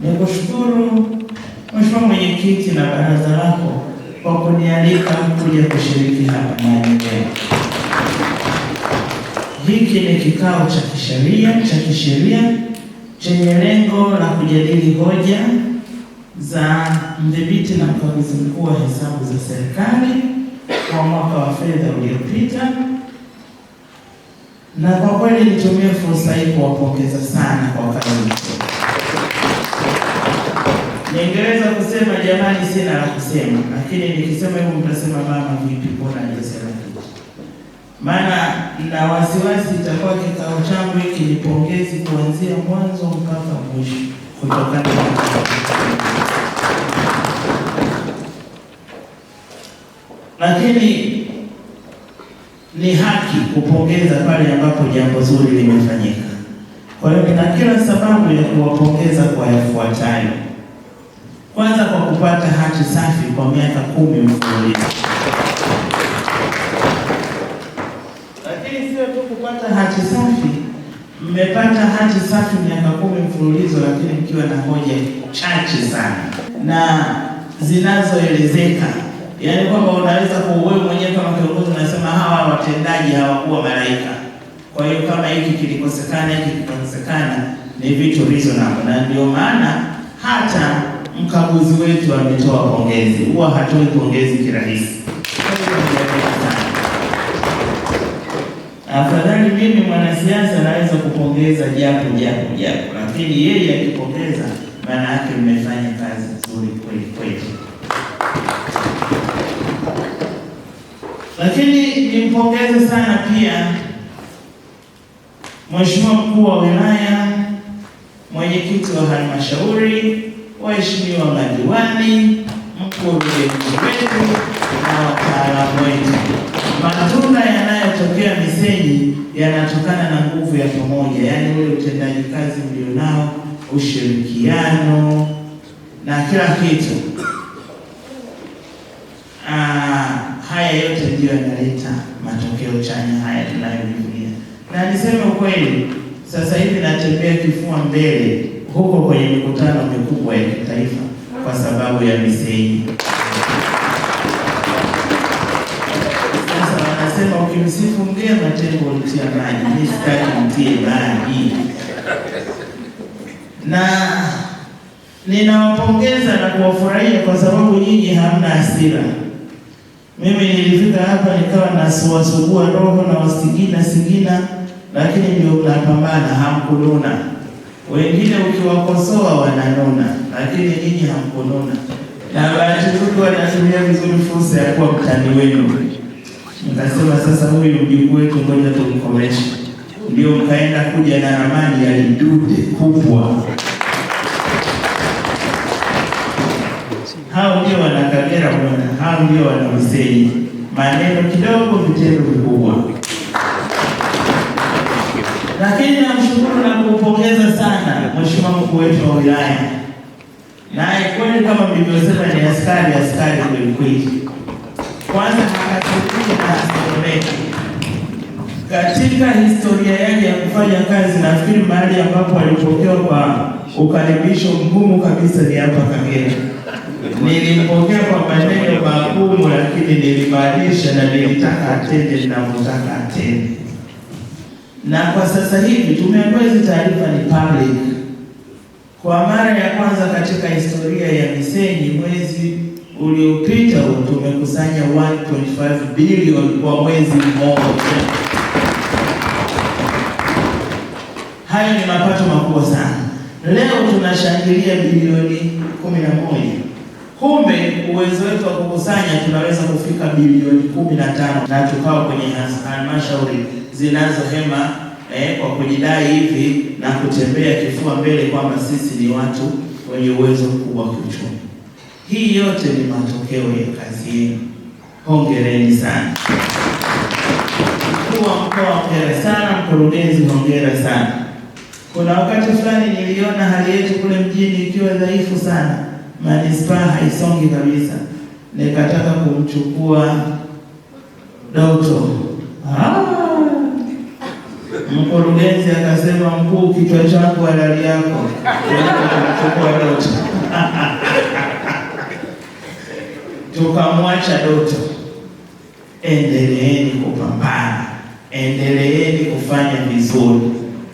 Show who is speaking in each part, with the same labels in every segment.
Speaker 1: kushukuru Mheshimiwa Mwenyekiti na baraza lako kwa kunialika kuja kushiriki hapa nani leo. Hiki ni kikao cha kisheria cha kisheria chenye lengo la kujadili hoja za mdhibiti na mkaguzi mkuu wa hesabu za serikali kwa mwaka wa fedha uliopita, na kwa kweli nitumie fursa hii kuwapongeza sana kwa kazi Ningeweza kusema jamani, sina la kusema, lakini nikisema hivyo mtasema mama vipi, mbona hajasema kitu? Maana na wasiwasi itakuwa kikao changu hiki ni pongezi kuanzia mwanzo mpaka mwisho, kutokana na lakini ni haki kupongeza pale ambapo jambo zuri limefanyika. Kwa hiyo nina kila sababu ya kuwapongeza kwa yafuatayo kwanza kwa kupata hati safi kwa miaka kumi mfululizo, lakini sio tu kupata hati safi, mmepata hati safi miaka kumi mfululizo, lakini mkiwa na hoja chache sana na zinazoelezeka, yaani kwamba unaweza kuwe mwenyewe kama kiongozi unasema hawa watendaji hawakuwa malaika. Kwa hiyo kama hiki kilikosekana, hiki kikosekana, ni vitu reasonable, na ndio maana hata mkaguzi wetu ametoa pongezi. Huwa hatoi pongezi kirahisi. Afadhali mimi mwanasiasa naweza kupongeza japo japo japo, lakini yeye akipongeza, maana yake mmefanya kazi nzuri kweli kweli. Lakini nimpongeze sana pia Mheshimiwa mkuu wa wilaya, mwenyekiti wa halmashauri waheshimiwa madiwani, mkurugenzi wetu na wataalamu wetu. Matunda yanayotokea Misenyi yanatokana na nguvu ya pamoja, yaani ule utendaji kazi mlionao, ushirikiano na kila kitu. Ah, haya yote ndiyo yanaleta matokeo chanya haya tunayojivunia, na niseme ukweli, sasa hivi natembea kifua mbele huko kwenye mikutano mikubwa ya kitaifa kwa sababu ya misingi. Sasa wanasema ukimsifu mgema tembo ulitia maji, mi sitaki mtie maji, na ninawapongeza na kuwafurahia kwa sababu nyinyi hamna hasira. Mimi nilifika hapa nikawa nasuasugua roho na wasigina sigina, lakini ndio mnapambana hamkuluna wengine ukiwakosoa wananona, lakini nyinyi hamkunona. Na bahati nzuri wanatumia vizuri fursa ya kuwa mtani wenu. mkasema sasa, huyu mjukuu wetu moja tumkomeshe. Ndio mkaenda kuja na ramani ya lidude kubwa. Hao ndio wana Kagera bwana, hao ndio wana Maneno kidogo, vitendo vikubwa. Lakini namshukuru Tunampongeza sana mheshimiwa mkuu wetu wa wilaya, naye kweli kama mlivyosema ni askari, askari kwelikweli. Kwanza akatuia nasomeka katika historia yake ya kufanya kazi, nafikiri mahali ambapo alipokewa kwa ukaribisho mgumu kabisa ni hapa Kagera. Nilimpokea kwa maneno magumu, lakini nilimaanisha na nilitaka atende, ninamtaka atende na kwa sasa hivi tumeambiwa hizi taarifa ni public. Kwa mara ya kwanza katika historia ya miseni mwezi uliopita tumekusanya 1.5 bilioni kwa mwezi mmoja. Hayo ni mapato makubwa sana. Leo tunashangilia bilioni 11. Kumbe uwezo wetu wa kukusanya tunaweza kufika bilioni kumi na tano na tukawa kwenye halmashauri zinazohema eh, kwa kujidai hivi na kutembea kifua mbele kwamba sisi ni watu wenye uwezo mkubwa wa kiuchumi. Hii yote ni matokeo ya kazi yenu. Hongereni sana mkuu wa mkoa, hongera sana mkurugenzi, hongera sana. Kuna wakati fulani niliona hali yetu kule mjini ikiwa dhaifu sana manispaa haisongi kabisa. Nikataka kumchukua Doto ah! mkurugenzi akasema, mkuu, kichwa changu halali yako, kumchukua Doto tukamwacha Doto. Endeleeni kupambana, endeleeni kufanya vizuri.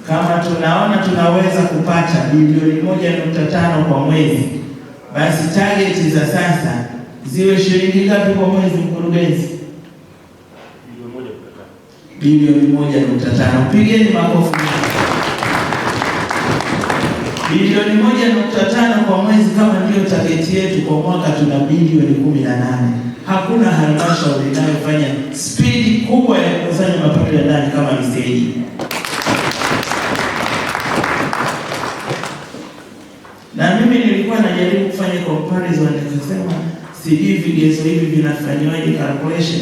Speaker 1: Kama tunaona tunaweza kupata bilioni moja nukta tano kwa mwezi basi target za sasa ziwe shilingi ngapi kwa mwezi, mkurugenzi? Bilioni moja nukta tano. Pigeni makofi. Bilioni moja nukta tano kwa mwezi, kama ndiyo tageti yetu, kwa mwaka tuna bilioni kumi na nane. Hakuna halmashauri inayofanya spidi kubwa ya kukusanya mapato ya ndani kama Missenyi. mimi nilikuwa najaribu kufanya comparison, nikasema sijui vigezo hivi vinafanywaje calculation,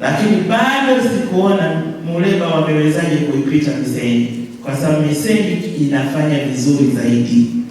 Speaker 1: lakini bado sikuona Muleba wamewezaje kuipita Missenyi, kwa sababu Missenyi inafanya vizuri zaidi.